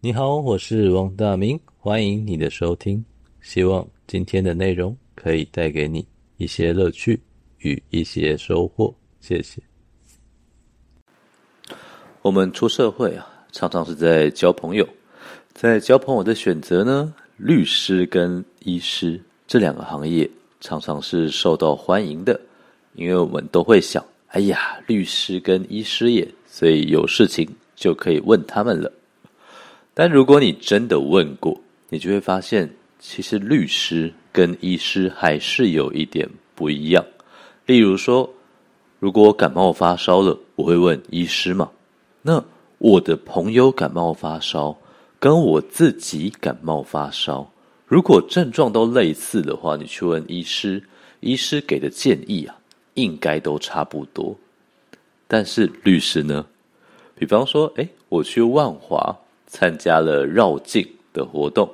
你好，我是王大明，歡迎你的收聽。希望今天的內容可以帶給你一些樂趣與一些收穫。謝謝。我們出社會啊，常常是在交朋友，在交朋友的選擇呢，律師跟醫師，這兩個行業。常常是受到歡迎的，因為我們都會想：哎呀，律師跟醫師也，所以有事情就可以問他們了。但如果你真的問過，你就會發現，其實律師跟醫師還是有一點不一樣。例如說，如果我感冒發燒了，我會問醫師嘛？那我的朋友感冒發燒，跟我自己感冒發燒。如果症狀都類似的話，你去問醫師，醫師給的建議啊，應該都差不多。但是律師呢？比方說，哎，我去萬華參加了繞境的活動，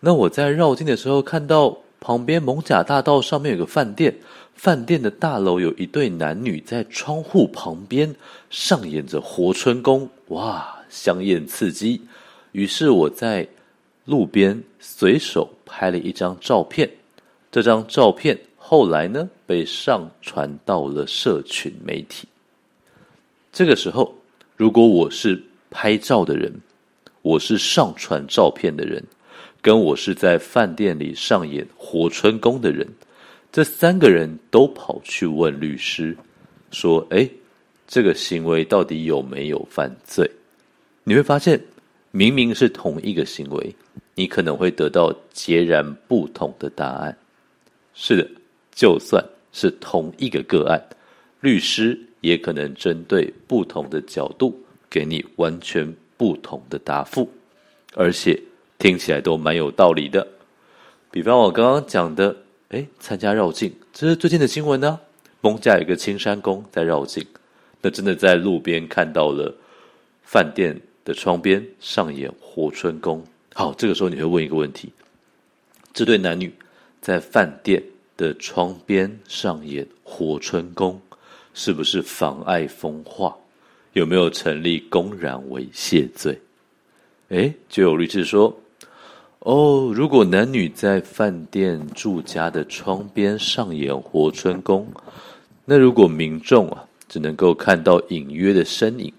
那我在繞境的時候看到旁邊艋舺大道上面有個飯店，飯店的大樓有一對男女在窗戶旁邊上演着活春宮，哇，香豔刺激。於是我在。路邊隨手拍了一張照片，這張照片後來呢被上傳到了社群媒體。這個時候，如果我是拍照的人，我是上傳照片的人，跟我是在飯店裡上演活春宮的人，這三個人都跑去問律師說：“哎，這個行為到底有沒有犯罪？”你會發現。明明是同一個行為，你可能會得到截然不同的答案。是的，就算是同一個個案，律師也可能針對不同的角度，給你完全不同的答覆，而且聽起來都蠻有道理的。比方我剛剛講的，哎，參加繞境，這是最近的新聞呢、啊。艋舺有一個青山宮在繞境，那真的在路邊看到了飯店的窗邊上演活春宮，好，這個時候你會問一個問題：這對男女在飯店的窗邊上演活春宮，是不是妨礙風化？有沒有成立公然猥褻罪？誒，就有律師說：“哦，如果男女在飯店住家的窗邊上演活春宮，那如果民眾啊只能夠看到隱約的身影，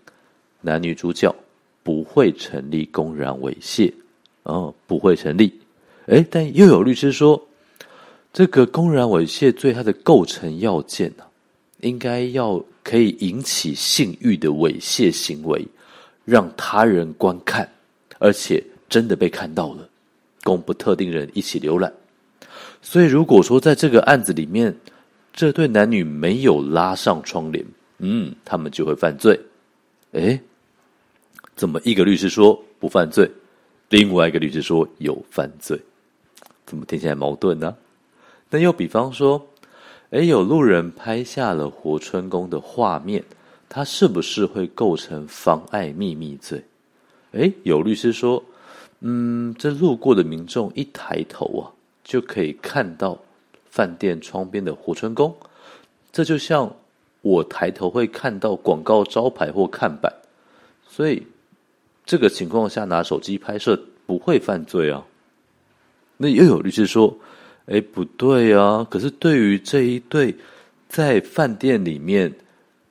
男女主角。”不會成立公然猥褻哦，不會成立。哎，但又有律師說，這個公然猥褻罪它的構成要件，啊，應該要可以引起性欲的猥褻行為，讓他人觀看，而且真的被看到了，供不特定人一起瀏覽。所以如果說在這個案子裡面，這對男女沒有拉上窗簾，嗯，他們就會犯罪。哎？怎麼一個律師說不犯罪，另外一個律師說有犯罪，怎麼聽起來矛盾呢？那又比方說，誒，有路人拍下了活春宮的畫面，他是不是會構成妨害秘密罪？誒，有律師說，嗯，這路過的民眾一抬頭啊，就可以看到飯店窗邊的活春宮，這就像我抬頭會看到廣告招牌或看板，所以。這個情況下拿手機拍攝不會犯罪啊？那又有律師說：“哎，不對啊！可是對於這一對在飯店裡面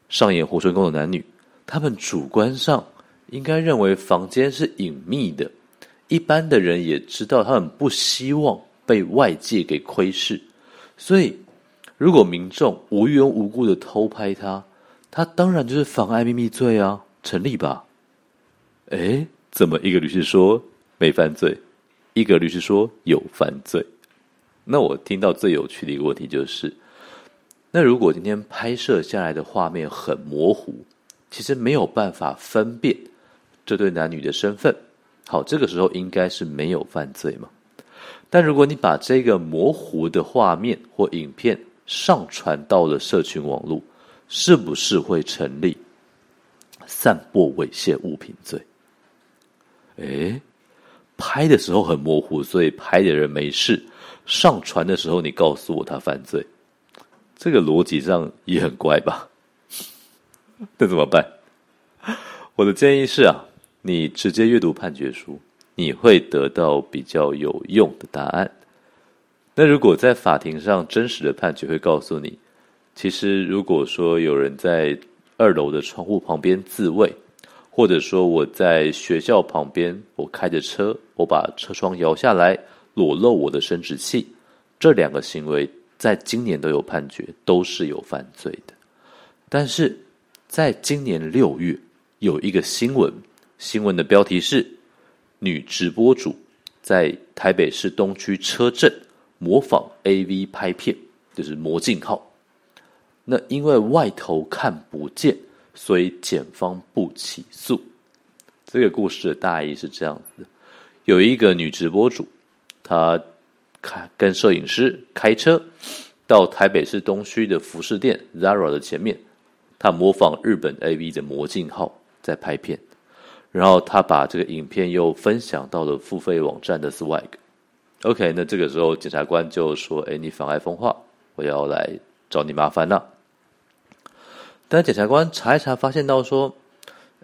上演活春宮的男女，他們主觀上應該認為房間是隱祕的，一般的人也知道他們不希望被外界給窺視，所以如果民眾無緣無故的偷拍他，他當然就是妨礙祕密罪啊，成立吧？”誒，怎麼一個律師說沒犯罪，一個律師說有犯罪？那我聽到最有趣的一個問題就是：那如果今天拍攝下來的畫面很模糊，其實沒有辦法分辨這對男女的身份，好，這個時候應該是沒有犯罪嘛？但如果你把這個模糊的畫面或影片上傳到了社群網絡，是不是會成立散播猥褻物品罪？哎，拍的時候很模糊，所以拍的人沒事。上傳的時候，你告訴我他犯罪，這個邏輯上也很怪吧？那怎麼辦？我的建議是啊，你直接閱讀判決書，你會得到比較有用的答案。那如果在法庭上，真實的判決會告訴你，其實如果說有人在二樓的窗戶旁邊自慰。或者說我在學校旁邊，我開着車，我把車窗搖下來，裸露我的生殖器，這兩個行為在今年都有判決，都是有犯罪的。但是，在今年六月，有一個新聞，新聞的標題是“女直播主在台北市東區車震模仿 AV 拍片”，就是魔鏡號。那因為外頭看不見。所以檢方不起訴。這個故事的大意是這樣子的，有一個女直播主，她開跟攝影師開車到台北市東區的服飾店 Zara 的前面，她模仿日本 AV 的魔鏡號在拍片，然後她把這個影片，又分享到了付費網站的 Swag。OK，那這個時候檢察官就說：“哎，你妨礙風化，我要來找你麻煩了。”但檢察官查一查，發現到說，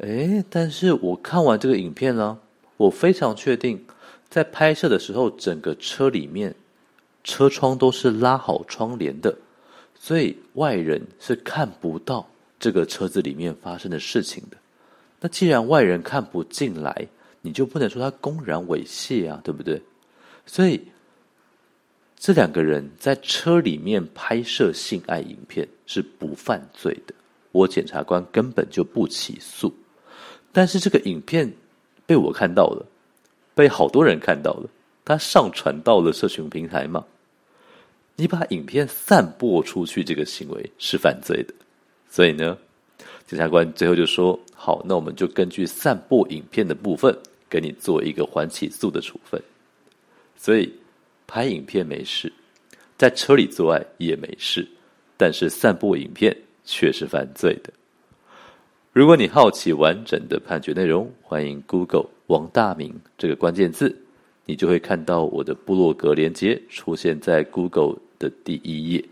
哎，但是我看完這個影片呢，我非常確定，在拍攝的時候，整個車裡面車窗都是拉好窗簾的，所以外人是看不到這個車子裡面發生的事情的。那既然外人看不進來，你就不能說他公然猥褻啊，對不對？所以，這兩個人在車裡面拍攝性愛影片是不犯罪的。我檢察官根本就不起訴，但是這個影片被我看到了，被好多人看到了，他上傳到了社群平台嘛。你把影片散播出去，這個行為是犯罪的。所以呢，檢察官最後就說：“好，那我們就根據散播影片的部分，給你做一個緩起訴的處分。”所以拍影片沒事，在車裡做愛也沒事，但是散播影片。卻是犯罪的。如果你好奇完整的判決內容，歡迎 Google“ 王大明”這個關鍵字，你就會看到我的部落格連結出現在 Google 的第一頁。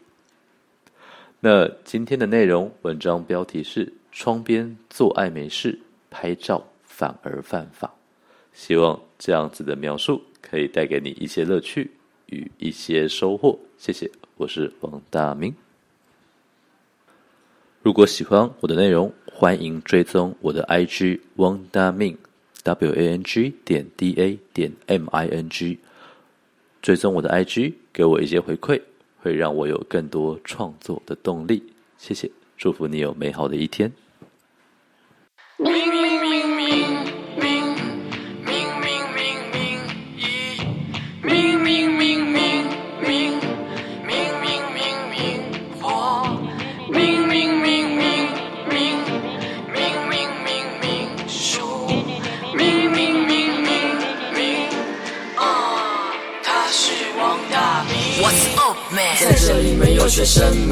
那今天的內容，文章標題是“窗邊做愛沒事，拍照反而犯法”。希望這樣子的描述可以帶給你一些樂趣與一些收穫。謝謝，我是王大明。如果喜歡我的內容，歡迎追蹤我的 IG Wang Da Ming，W A N G 點 D A 點 M I N G。追蹤我的 IG，給我一些回饋，會讓我有更多創作的動力。謝謝，祝福你有美好的一天。